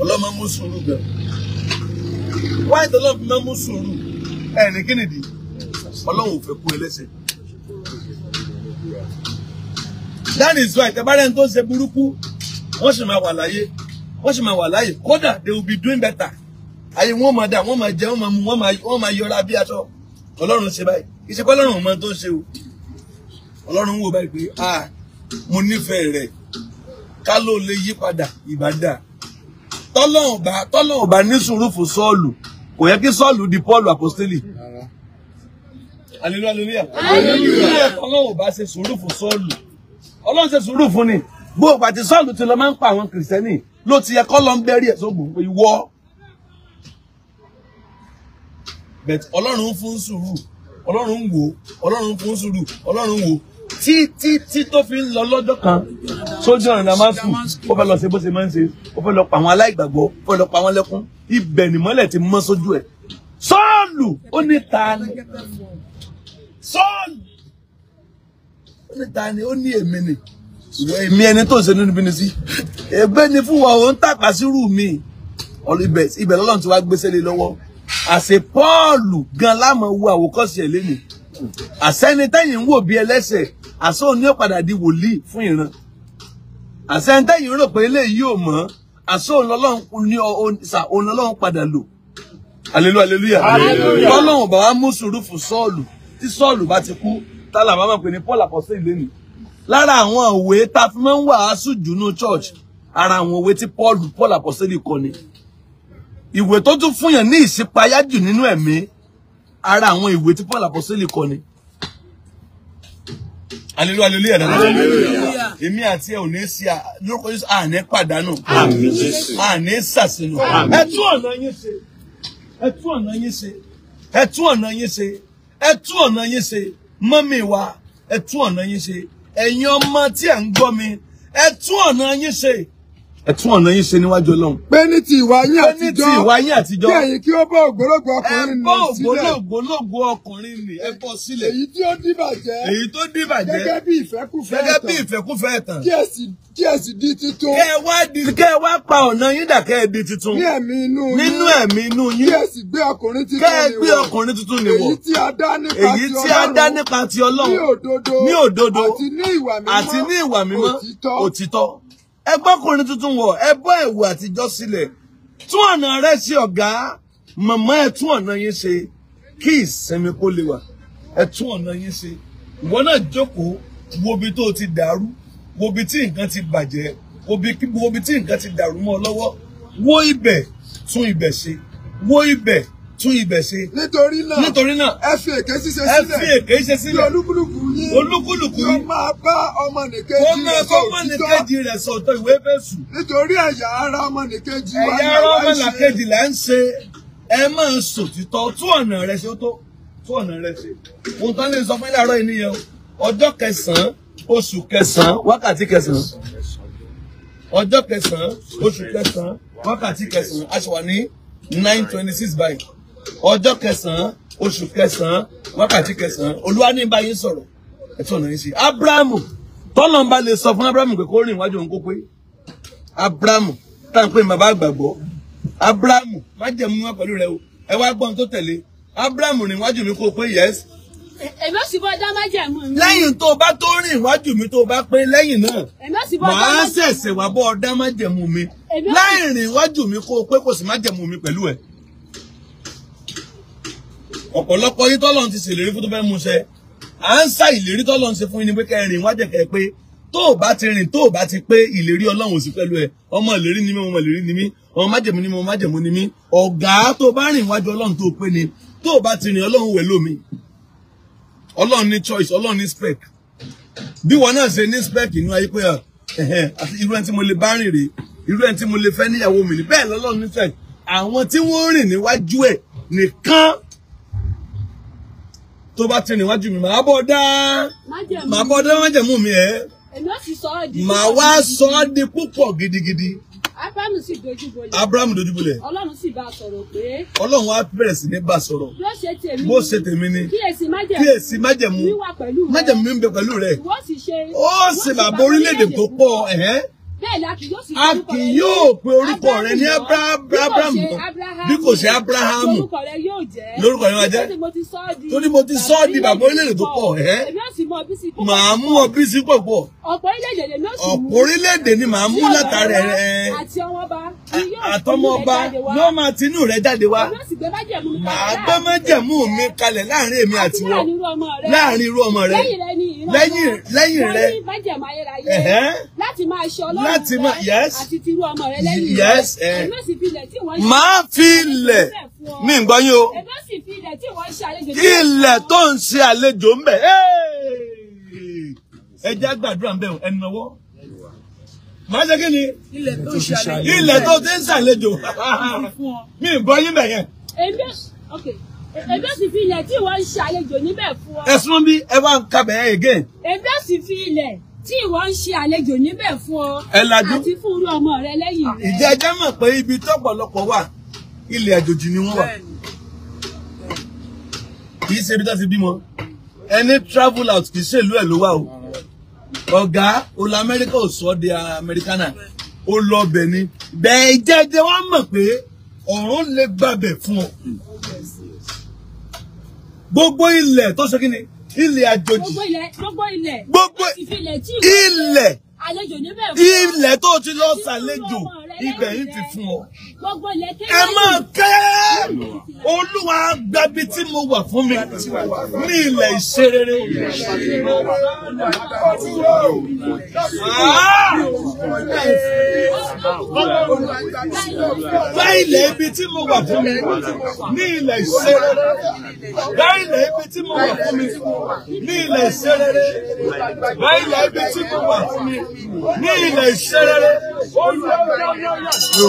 ọlọ́run máa ń mú sùúrù gan. wáyé tó lọ́run fi máa ń mú sùúrù ẹ̀rì kí nìdí ọlọ́run ò fẹ́ kú ẹlẹ́sẹ̀. that is why tẹ bá rẹ̀ ń tó ṣe burúkú wọ́n sì máa wà láyé wọ́n sì máa wà láàyè kódà they will be doing better ayé wọn máa dà wọn máa jẹ wọn máa mu wọn máa wọn máa yọra bí aṣọ ọlọ́run ṣe báyìí kì í ṣe pé ọlọ́run ọmọ tó ń ṣe o ọlọ́run wò báyìí pé ah mo nífẹ̀ẹ́ rẹ̀ ká ló lè yí padà ìbàdà tọ́lọ́run bá tọ́lọ́run bá ní sùúrù fún sọ́ọ̀lù kò yẹ kí sọ́ọ̀lù di paul apostoli aleluya aleluya aleluya ọlọ́run bá ṣe sùúrù fún sọ́ọ̀lù ọlọ́run ṣe sùúrù fún ni gbogbo àti sọ́ọ̀lù ti lọ máa ń pa àwọn kìrìsìtẹ́nì ló ti yẹ kọ́ lọ ń bẹ́rí ẹ̀ sóògùn pé ìwọ bẹ̀t ọlọ́run fún sùúrù ọlọ́run ń wò ọlọ́run fún sùúrù ọlọ́run wò tí tí tí tó fi ń lọ lọ́jọ́ kan sójú ọ̀rìn la máa sùn ó fẹ́ lọ ṣe bó ṣe máa ń ṣe ó fẹ́ lọ pa àwọn aláìgbàgbọ́ ó fẹ́ lọ pa àwọn lẹ́kún ibẹ̀ nìmọ́lẹ̀ ti mọ́ sójú ẹ̀ sọ́ọ̀lù ó ní ta sọ́ọ̀lù ó ní ta ó ní èmi ni ṣùgbọ́n èmi ẹni tó ń ṣe nínú bínú sí ẹgbẹ́ ni fún wa òun tàpá sírù mi ọlọ́ibẹ̀ ibẹ̀ lọ́lọ́run ti wá gbéṣẹ́ lé lọ́wọ́ àṣẹ Pọ́ọ̀lù gan lámọ̀ wo àwòkọ́sí ẹ̀ lẹ́nu àṣẹni tẹ́yìn ń wò bí ẹlẹ́sẹ̀ àṣẹ òní ọ̀padà di wòlíì fún ìran àṣẹni tẹ́yìn rò pé eléyìí yóò mọ̀ àṣẹ òun lọ́lọ́run padà lò alelu aleluya lọ́lọ́run bàbá mú sùúrù fún Sọ́ọ̀lù tí Sọ́ọ̀lù bá ti kú tálà bá mọ̀ pé ní Paul àpọ̀sẹ̀ ìlẹ́nu lára àwọn òwe tá fi máa ń wàásù jù ní church ara àwọn òwe tí Paul Paul àpọ́sẹ́lì kọ ni ìwé tó tún fún yàn ní ìṣípayá jù nínú ẹ̀mí ara àwọn ìwé tí Paul àpọ́sẹ́lì kọ ni. Aleluya aleluya dada. Aleluya. Èmi àti ẹ ò ní sí a lórúkọ Jésù à ní pàdánù. Àmín Jésù. À ní sàsìnù. Àmín. Ẹ tún ọ̀nà yín ṣe. Ẹ tún ọ̀nà yín ṣe. Ẹ tún ọ̀nà yín ṣe. Ẹ tún ọ̀nà yín ṣe. Mọ́mì wa ẹ tún ọ̀nà yín ṣe ẹ̀yin ọmọ tí ẹ̀ ń gbọ́ mi ẹ tún ọ̀nà yín ṣe ẹ tún ọ̀nà yín ṣe níwájú Ọlọ́run. pé ní ti ìwà yín àtijọ́ pé ní ti ìwà yín àtijọ́ kí ẹ̀yin kí ó bọ́ ògbólógbò ọkùnrin nì sílẹ̀ ẹ bọ́ ògbólógbò ọkùnrin nì ẹ bọ́ sílẹ̀. èyí tí ó dìbàjẹ́ èyí tó dìbàjẹ́ gẹ́gẹ́ bí ìfẹ́kúfẹ́ ẹ̀tàn gẹ́gẹ́ bí ìfẹ́kúfẹ́ ẹ̀tàn kí ẹ sì kí ẹ sì di titun. kẹ́ ẹ wá di kẹ́ ẹ wá pa ọ̀nà yín dà kẹ́ ẹ di titun. ní ẹ̀mí inú yín nínú ẹ̀mí inú yín. kí ẹ sì gbé ọkùnrin titun nìwọ. kẹ́ ẹ gbé ọkùnrin titun nìwọ. èyí tí a dá nípa ti Ọlọ́run. èyí tí a dá nípa ti Ọlọ́run. ní òdodo ní òdodo àti ní ìwà mímọ́ òtítọ́ ẹ gbọ́kùnrin tuntun wọ̀ ẹ bọ́ ẹ̀wù àtijọ́ sílẹ̀ tún ọ̀nà rẹ ṣe ọ̀gá màmá ẹ tún ọ̀nà yín ṣe kí ìsinmi kó lè wà ẹ tún ọ̀nà yín ṣe ìwọ náà jókòó wo ibi tó ti dàrú wo ibi tí nǹkan ti bàjẹ́ wo ibi tí nǹkan ti dàrú mọ́ ọ lọ́wọ́ wo ibẹ̀ tún ibẹ̀ ṣe wo ibẹ̀ tún ibẹ̀ ṣe. nítorí náà nítorí náà ẹ fi èké ṣíṣe sílẹ̀ ẹ fi èké ṣíṣe sílẹ̀ olúkúlùkù yín olúkúlùkù yín yóò máa bá ọmọnìkejì rẹ̀ sọ òtítọ́ rẹ̀ sọ òtítọ́ ìwé Éfésù. nítorí ẹ̀yà ara ọmọnìkejì wa ni àwa ṣe ẹ̀yà ara ọmọnìkejì là ń ṣe ẹ máa ń sòtítọ́ tú ọ̀nà rẹ ṣe tó tú ọ̀nà rẹ ṣe. ohun tán lè sọ fún ilé ọjọ́ kẹsàn-án oṣù kẹsàn-án wákàtí kẹsàn-án ọjọ́ kẹsàn-án oṣù kẹsàn-án wákàtí kẹsàn-án a wà ní nine twenty six báyìí ọjọ́ kẹsàn-án oṣù kẹsàn-án wákàtí kẹsàn-án olúwa ní bá yín sọ̀rọ̀ ẹ̀tọ́ ọ̀nà yín sí abrahamu tọ́lọ́n bá lè sọ fún abrahamu pé kó rìn wájú òun kó abrahamu tá à ń pè bàbá àgbàgbọ́ abrahamu má jẹ̀mú wá pẹ̀lú rẹ o ẹ wá gbọ́n tó tẹ̀lé abrahamu rìn wájú mi kó pé yes. èmi ò sì bọ́ dá má jẹ̀mú mi. lẹ́yìn tó o bá tó rìn wájú mi tó o bá pé lẹ́yìn náà màá ṣẹ̀ṣẹ̀ wá bọ́ ọ dá má jẹ̀mú mi láì rìn wájú mi kó o pé kò sì má jẹ̀mú mi pẹ̀lú ẹ̀ ọ̀pọ̀lọpọ̀ yín tọ́lọ́run ti ṣèlérí fún tó fẹ́ mú ṣẹ à ń sá ìlérí tọ́lọ́run ṣe fún yín ni pé kẹrin wájẹ kẹ pé tó o bá ti rìn tó o bá ti pé ìlérí ọlọ́run sí pẹ̀lú ẹ ọmọ ìlérí ni mí ọmọ ìlérí ni mí ọmọ májẹ̀mú ni mí ọmọ májẹ̀mú ni mí ọ̀gá tó o bá rìn wájú ọlọ́run tó o pé ni tó o bá ti rìn ọlọ́run wẹ̀ lómi ọlọ́run ní choice ọlọ́run ní spec bí wọn náà ṣe ní spec inú ayé pé àti irú ẹni tí mo lè bá rìn rèé irú ẹni tí mo lè fẹ́ níyàwó mi ni bẹ́ẹ̀ lọ́lọ́run ní spec àwọn tí wọ́n rìn níwájú ẹ̀ nìkan tó bá ti rìn wájú mi màá bọ̀ dá màá bọ̀ dá májẹ̀mú mi ẹ̀ màá wá sọ ọ́ di púpọ̀ gidigidi. Abrahamu sì dojúbolẹ̀. Abrahamu dojúbolẹ̀. Ọlọ́run sì bá a sọ̀rọ̀ pé. Ọlọ́run wá bẹ̀rẹ̀ sí ní bá a sọ̀rọ̀. Bí Bó ṣe tèmi ni. Kíyèsí májẹ̀mú. májẹ̀mú. mi ń bẹ pẹ̀lú rẹ̀. Ìwọ sì bàbá orílẹ̀-èdè tó pọ̀ ẹ̀hẹ́ a kì yóò pe orúkọ rẹ ní abraham bí kò ṣe abrahamu lórúkọ yẹn wá jẹ torí mo ti sọ ọ́ di bàbá orílẹ̀-èdè tó pọ̀ ẹ́ màá mú ọ bí sí pọ̀pọ̀ ọ̀pọ̀ orílẹ̀-èdè ni màá mú látàrí ẹ̀ àtọmọba yóò máa tinú rẹ jáde wá màá gbọ́ májẹ̀mú mi kalẹ̀ láàrin èmi àti wọn láàrin irú ọmọ rẹ lẹ́yìn rẹ láti máa ṣe ọlọ́run láti máa yes yes ẹ máa fi ilẹ̀ ní ìgbọ́yìn o ilẹ̀ tó ń ṣe àlejò ń bẹ̀ ẹ jẹ́ àgbàdúrà ń bẹ̀ ẹnu ọwọ́ máa ṣe kí ni ilẹ̀ tó ti ń ṣàlejò mi ìgbọ́yìn bẹ̀ yẹn èmi sì fi ilẹ̀ tí wọ́n ń ṣàlejò níbẹ̀ fún ọ. ẹ̀sùn bí ẹ bá ń kabẹ̀ ẹ̀ again. èmi sì fi ilẹ̀ tí ìwọ ń ṣe àlejò níbẹ̀ fún ọ àti fún irú ọmọ rẹ lẹ́yìn rẹ. ìjẹ́ ẹjẹ́ mọ̀ pé ibi tọ́pọ̀lọpọ̀ wà ilẹ̀ àjòjì ni wọ́n wà kì í ṣe ibi tó ti bímọ ẹni travel out kì í ṣèlú ẹ̀ ló wà o ọ̀gá olú amẹ́ríkà ò sọ di amẹ́ríkánà ó lọ bẹ̀ ni bẹ́ẹ̀ ìjẹ́ ẹjẹ́ wọ́n mọ̀ pé ọ̀run lè gbàbẹ̀ fún ọ gbogbo ilẹ̀ tó ṣe kí ni ilẹ̀ àjòjì gbogbo ilẹ̀ ilẹ̀ tó ti lọ ṣàlejò ibẹ̀ yìí ti fún ọ. ẹ máa kẹ́ olúwa gbabi tí mo wà fún mi ní ilẹ̀ ìṣerere. gba ilẹ̀ ibi tí mo wà fún mi ní ilẹ̀ ìṣerere. gba ilẹ̀ ibi tí mo wà fún mi ní ilẹ̀ ìṣerere. gba ilẹ̀ ibi tí mo wà fún mi ní ilẹ̀ ìṣerere. yo, yo.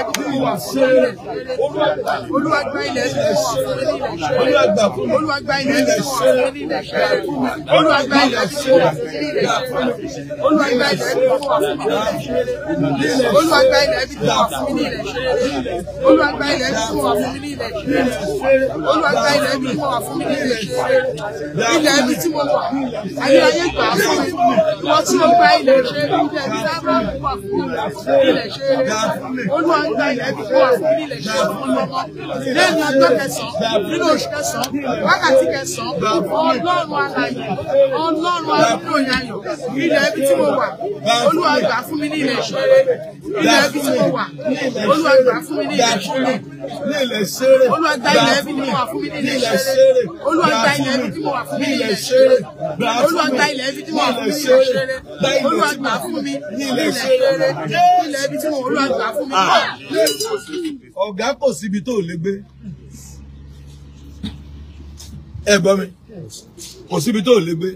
olúwa ṣe rẹ̀ olúwa gba ilẹ̀ ṣe olúwa gbà fún mi olúwa gba ilẹ̀ ṣe olúwa gba ilẹ̀ ṣe olúwa gba ilẹ̀ ṣe olúwa gba ilẹ̀ ṣe olúwa gba ilẹ̀ ṣe olúwa gba ilẹ̀ ṣe olúwa gba ilẹ̀ ṣe olúwa fún mi nílẹ̀ ṣe ilẹ̀ ẹbí tí mo wà ayé ayé gbà fún mi wọ́n tí mo gba ilẹ̀ ṣe ilẹ̀ ẹbí tí mo wà fún mi nílẹ̀ ṣe olúwa ń gba ilẹ̀ bí wọ́n àfúrí ilẹ̀ ṣe fún lọ́mọ lẹ́yìn ọjọ́ kẹsàn-án nínú oṣù kẹsàn-án wákàtí kẹsàn-án ọlọ́run alàyè ọlọ́run arúgbó yayọ̀ ilẹ̀ ibi tí mo wà olúwa gbà fún mi ní ilẹ̀ ìṣeré ilẹ̀ ibi tí mo wà olúwa gbà fún mi ní ilẹ̀ ìṣeré nílẹ̀ ṣeré olúwa gba ilẹ̀ ibi tí mo wà fún mi ní ilẹ̀ ìṣeré olúwa gba ilẹ̀ ibi Olúwa gba ilẹ̀ ibi tí mo wà fún mi ilẹ̀ rere. Olúwa gbà fún mi ilẹ̀ rere. Ilẹ̀ ibi tí mo Olúwa gbà fún mi. Ah. Ọ̀gá kò síbi tó lè gbé. Ẹ gbọ́ mi, kò síbi tó lè gbé.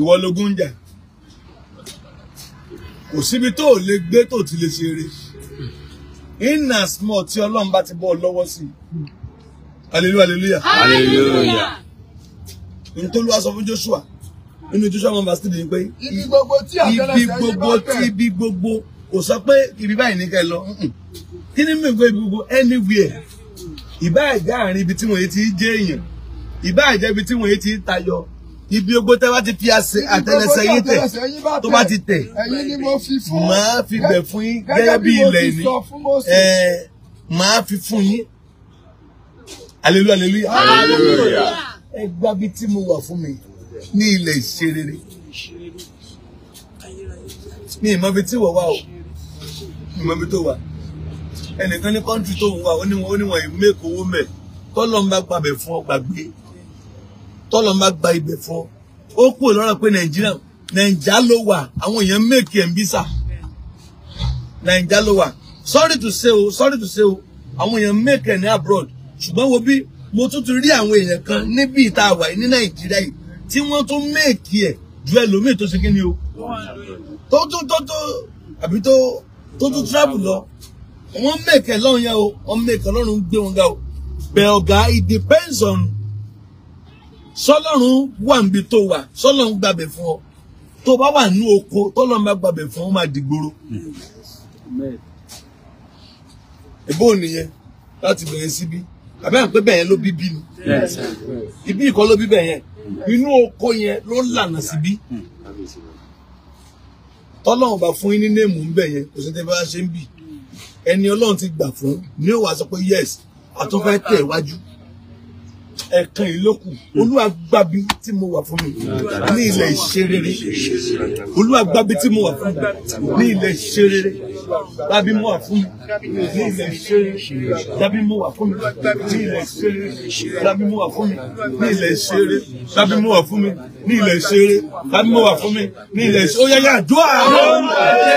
Ìwọ lógún ń jà. Kò síbi tó lè gbé tó ti lè ṣeré. In as much tí Ọlọ́run bá ti bọ́ ọ lọ́wọ́ sí i. Hallelujah, hallelujah. Hallelujah ntọ́lúwa sọ fún Joshua nínú Joshua one verse three pé ibi gbogbo tí àtẹlẹsẹ ibi gbogbo kò sọ pé ibi báyìí ní kẹ lọ kí ni mìíràn pé ibi gbogbo anywhere ìbá ẹ̀já àárín ibi tí wọ́n ti jẹ́ èèyàn ìbá ẹ̀jẹ̀ ibi tí wọ́n ti tayọ ibi ogbó tẹ́ bá ti fi àtẹlẹsẹ yín tẹ̀ tó bá ti tẹ̀ máa fi gbẹ̀ fún yín gẹ́gẹ́ bí ilẹ̀ ní máa fi fún yín hallelujah hallelujah ẹ gbábí tí mo wà fún mi ní ilẹ̀ ìṣerere mi ìmọ̀ bí tí wọ́n wà o ìmọ̀ bí tó wà ẹnìkan ní kọ́ńtì tó wà ó níwọ̀n ìmẹ́kọ̀ owó mẹ́ tọ́lọ́ ń bá gbàbẹ̀ fún ọ gbàgbé tọ́lọ́ ń bá gba ibẹ̀ fún ọ ó kúrò lọ́rọ̀ pé nàìjíríà nàìjà ló wà àwọn èèyàn mẹ́kì ẹ̀ ń bí sà nàìjà ló wà sorry to say o sorry to say o àwọn èèyàn mẹ́kì ẹ̀ ní abroad ṣùgbọ́n wo bí mo tún ti rí àwọn èèyàn kan níbi ìta àwà ní nàìjíríà yìí tí wọ́n tún méèkì ẹ̀ ju ẹlòmíì tó ṣe kí ni o tó tún tó tó àbí tó tó tún travel lọ wọ́n méèkì ẹ̀ lọ́run yẹn o wọ́n méèkì ọlọ́run gbé wọn ga o bẹ̀ it depends on sọlọ́run wà níbi tó wà sọlọ́run gbàbẹ̀ fún ọ tó bá wà ní oko tọ́lọ́run bá gbàbẹ̀ fún ọ máa dìgboro ẹ̀bọ́n nìyẹn láti bẹ̀rẹ̀ síbí bàbá yẹn pé bẹ́ẹ̀ ló bí bí ni ibi ìkọ́ ló bí bẹ́ẹ̀ yẹn inú oko yẹn ló lànà síbí tọ́lọ́run bá fún yín ní néèmù ń bẹ̀ yẹn kò sí tẹ́ bá ṣe ń bì ẹni ọlọ́run ti gbà fún ni ó sọ pé yes àtúnfẹ́ tẹ̀ wájú ẹ̀kan ìlókù olúwa gbàbí tí mo wà fún mi ní ilẹ̀ ìṣerere olúwa tí mo wà fún mi ní ilẹ̀ ìṣerere gbàbí mo wà fún mi ní ilẹ̀ ìṣerere gbàbí mo wà fún mi ní ilẹ̀ ìṣerere gbàbí mo wà fún mi ní ilẹ̀ ìṣerere gbàbí mo wà fún mi ní ilẹ̀ ìṣerere gbàbí mo wà fún mi ní ilẹ̀ ìṣerere ó yẹ yá àwọn ọmọdé.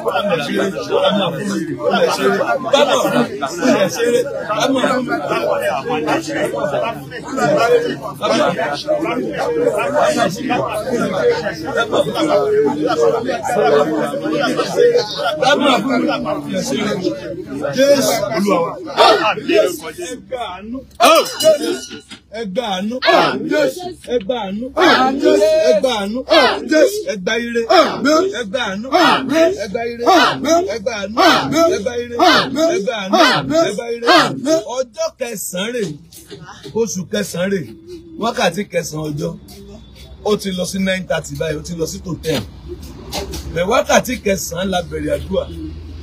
ṣeré kámọ̀ kúlẹ̀ ṣeré kámọ̀ ẹgbà àánú ẹgbà àánú ẹgbà àánú ẹgbà ire ẹgbà àánú ẹgbà ire ẹgbà àánú ẹgbà ire ẹgbà àánú ẹgbà ire ọjọ́ kẹsàn-án rè oṣù kẹsàn-án rè wákàtí kẹsàn-án ọjọ́ ó ti lọ sí nine thirty báyìí ó ti lọ sí tó ten bẹ̀ wákàtí kẹsàn-án la bẹ̀rẹ̀ àdúrà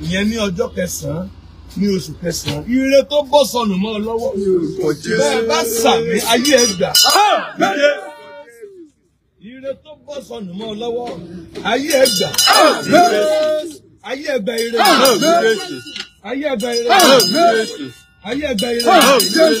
ìyẹn ní ọjọ́ kẹsàn-án ní oṣù kẹsàn-án ire tó bọ́ sọnù mọ́ ọ lọ́wọ́ bẹ́ẹ̀ bá sàmì ayé ẹ gbà ire tó bọ́ sọnù mọ́ ọ lọ́wọ́ ayé ẹ gbà ayé ẹ ire ayé ẹ ire ayé ẹ ire.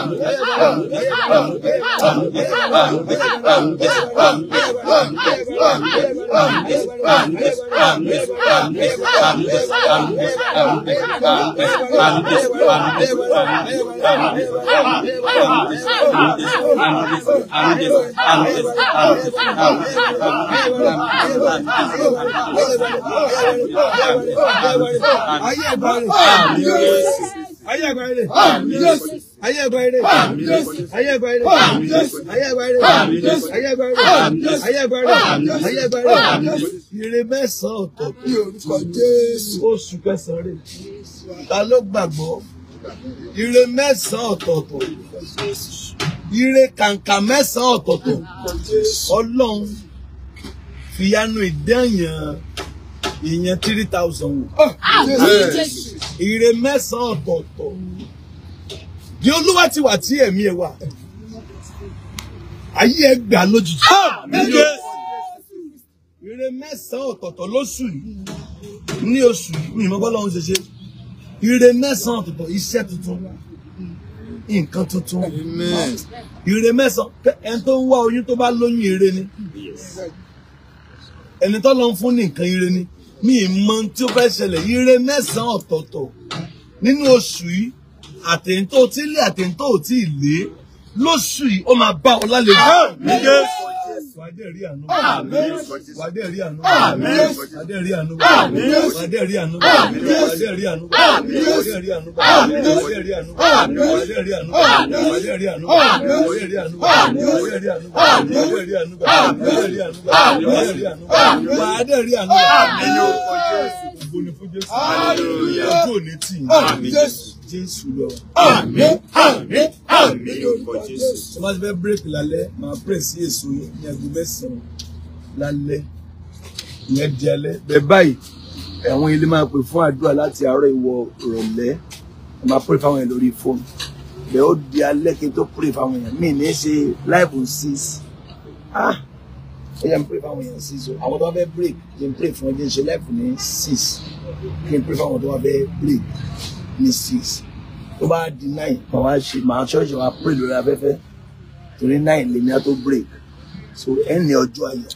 Ayé ìbáraẹni ayé ẹgbà ire ayé ẹgbà ire ayé ẹgbà ire ayé ẹgbà ire ayé ẹgbà ire ayé ẹgbà ire ayé ẹgbà ire ire mẹ́sàn-án ọ̀tọ̀ bí orúkọ Jésù oṣù kẹsàn-án rẹ̀ ta ló gbàgbọ́ ire mẹ́sàn-án ọ̀tọ̀ọ̀tọ̀ ire kàǹkà mẹ́sàn-án ọ̀tọ̀ọ̀tọ̀ ọlọ́run fìyanu ìdẹ́yàn ìyẹn three thousand wò. Ah, ire mẹ́sàn-án ọ̀tọ̀ọ̀tọ̀ di olúwa ti wà tí ẹ̀mí ẹ̀ wà ayé ẹ̀ gbà lójijì ire mẹ́sàn-án ọ̀tọ̀ọ̀tọ̀ lóṣù yìí ní oṣù yìí mi ìmọ̀gbọ́n lọ́hún ṣe ṣe ire mẹ́sàn ọ̀tọ̀ọ̀tọ̀ iṣẹ́ tuntun nǹkan tuntun ire mẹ́sàn-án tó ń wá oyún tó bá lóyún ire ni ẹni tó lọ ń fún ní nǹkan ire ni mi mọ tí ó fẹ́ ṣẹlẹ̀ ire mẹ́sàn-án ọ̀tọ̀ọ̀tọ̀ nínú oṣù yìí àtẹ̀ntó tí lé àtẹ̀ntó tí ì lé lóṣù yìí ó máa bá ọ lálejò wàdẹ̀rí àánú wàdẹ̀rí àánú wàdẹ̀rí àánú wàdẹ̀rí àánú wàdẹ̀rí àánú wàdẹ̀rí àánú wàdẹ̀rí àánú wàdẹ̀rí àánú wàdẹ̀rí àánú wàdẹ̀rí àánú wàdẹ̀rí àánú wàdẹ̀rí àánú wàdẹ̀rí àánú wàdẹ̀rí àánú wàdẹ̀rí àánú. Ògo ni fún Jésù. Ojú ò ní tì yín jésù lọ. àmín àmín àmín lórúkọ jésù. tí wọ́n ti fẹ́ bírèkì lálẹ́ màá pray sí èso yìí ní aago mẹ́sàn-án lálẹ́ ìyẹn di alẹ́ bẹ́ẹ̀ báyìí àwọn ilé máa pè fún àdúrà láti àárọ̀ ìwọ ìrọ̀lẹ́ ẹ máa pray fáwọn èèyàn lórí fóònù bẹ́ẹ̀ ó di alẹ́ kí n tó pray fáwọn èèyàn mí ní ṣe live on six ah ó yẹ n pray fáwọn èèyàn six o àwọn tó bá fẹ́ break kí n pray fún ọjọ́ ìṣe live ní six kí n pray fáwọn tó bá fẹ́ break ní six tó bá di nine màá wá ṣe màá ṣọ́ọ̀ṣì wa pray lórí afẹ́fẹ́ torí nine lèmi á tó break so ẹnì ọjọ́ ayọ̀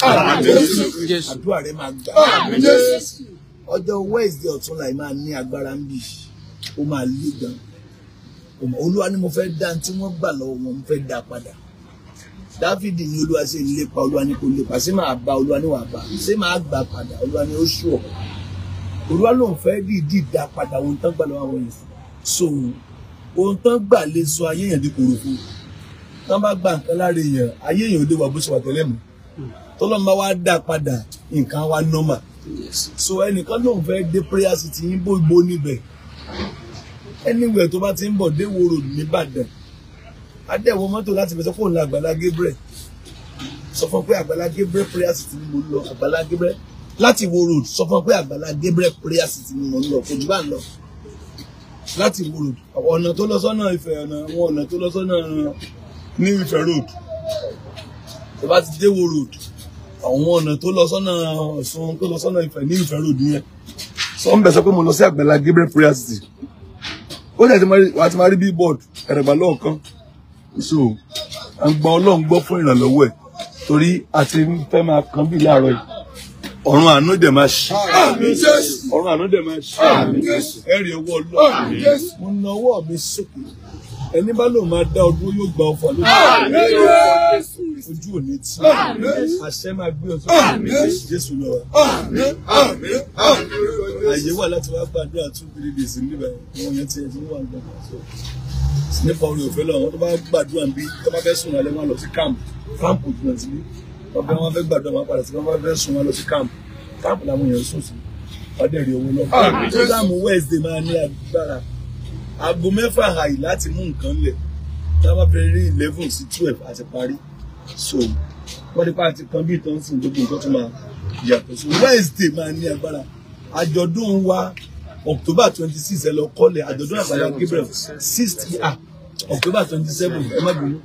àdúrà rẹ máa gbà ọjọ́ wednesday ọ̀tún láì máa ní agbára ń bì ó máa lé gan olúwa ni mo fẹ́ dá tí wọ́n gbà lọ́wọ́ wọn mo fẹ́ dá padà dáfídì ni olúwa ṣe ń lépa olúwa ni kò lépa ṣé máa bá olúwa ni wàá bá ṣé máa gbà padà olúwa ni ó ṣù ọ̀pọ̀ olúwa lòun fẹ́ dìídì dá padà ohun tán gbà lọ́wọ́ àwọn yẹn so ohun tán gbà lè sọ ayé yẹn di korofo tán bá gba nǹkan lára èèyàn ayé yẹn ò dé wà bó ṣe wà tẹ́lẹ̀ mọ́ tọ́lọ́mọ wa dá padà nǹkan wa nọ́mà so ẹnìkan lòun fẹ́ dé prayer sí ti yín bó igbó níbẹ̀ anywhere tó bá ti ń bọ̀ dé wòrò nìbàdàn adẹ́wọ̀ mọ́tò láti fẹsẹ̀ fóònù àgbàlá Gabriel sọ fún pé àgbàlá Gabriel prayer sí ti ní mo lọ àgbàlá Gabriel láti wo road sọ fún ọ pé àgbàlá Gabriel prayer city ni mo ń lọ kojú bá ń lọ láti wo road ọ̀nà tó lọ sọ́nà Ifẹ̀ ọ̀nà àwọn ọ̀nà tó lọ sọ́nà ní Ifẹ̀ road tó bá ti dé wo road àwọn ọ̀nà tó lọ sọ́nà Ọ̀ṣun tó lọ sọ́nà Ifẹ̀ ní Ifẹ̀ road yẹn sọ ń bẹ̀ sọ pé mo lọ sí àgbàlá Gabriel prayer city ó dẹ̀ ti máa rí billboard ẹ̀rẹ̀gbà lọ́ọ̀kan so à ń gba Ọlọ́run gbọ́ fún ìrànlọ́wọ́ ẹ̀ torí a fẹ́ máa kan bí láàárọ̀ yìí ọ̀run àánú dẹ̀ máa ṣí. ọ̀run àánú dẹ̀ máa ṣí. ẹ̀rì ọwọ́ ọlọ́run mo na ọwọ́ mi sókè ẹni bá lòun máa dá ọdún yóò gba ọfà lójú ojú òní tí àṣẹ máa gbé ọsọ jésù lọ wa àyè wà láti wá gbàdúrà tún bíi lè sí níbẹ̀ wọn yẹn ti ẹni wà nígbà tó nípa orí òfin lọ àwọn tó bá gbàdúrà níbi tó bá fẹ́ sùn ọbẹ wọn fẹ́ gbàdúrà wọn padà sí wọn fẹ́ sùn wọn lọ sí camp camp làwọn èèyàn sùn sí wọn dẹ̀ rí owó lọ́wọ́ ah, program wednesday máa ní agbára aago mẹ́fà àyè láti mú nǹkan lẹ̀ tá a bá rí eleven sí twelve àti parí so wọ́n ní pa àti kan bí ìtàn sìn gbogbo nǹkan tó máa yàtọ̀ sí wednesday máa ní agbára àjọ̀dún wa october twenty six ẹ lọ kọ́lẹ̀ àjọ̀dún àgbàlá gabriel sixty ah october twenty seven ẹ má bínú.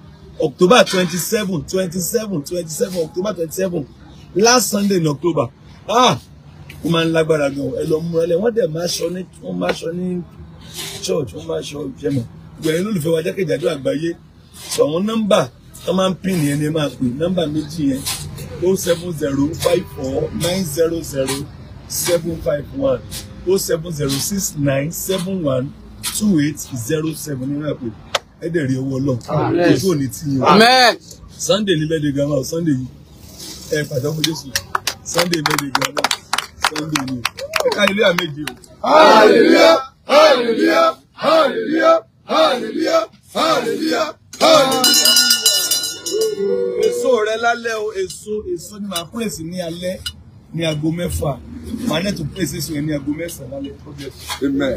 October 27, 27, 27, October 27, last Sunday in October. Ah, ó máa ń lágbára gan-an, ẹ lọ múra lẹ̀, wọ́n dẹ̀ máa ṣọ ní wọ́n máa ṣọ ní church, wọ́n máa ṣọ jẹ́mọ̀. Gbẹ̀yìn olùfẹ́ wa jákèjádò àgbáyé, sọ àwọn nọ́mbà tó máa ń pín nìyẹn ni máa pè, nọ́mbà méjì yẹn, 07054900751, 07069712807 ni máa pè ẹ̀dẹ̀ owó ọlọ́run ojú òní ti yín o Sunday ní birthday grandma o Sunday yìí ẹ pàdé ọmọ Jésù Sunday birthday grandma Sunday yìí ẹ ká ilé o. hallelujah hallelujah hallelujah hallelujah hallelujah hallelujah. èso rẹ lálẹ́ o èso èso ni màá pín èsì ní alẹ́ ní aago mẹ́fà màá nẹ́tò pín èsì ní aago mẹ́sàn-án lálẹ́. amen.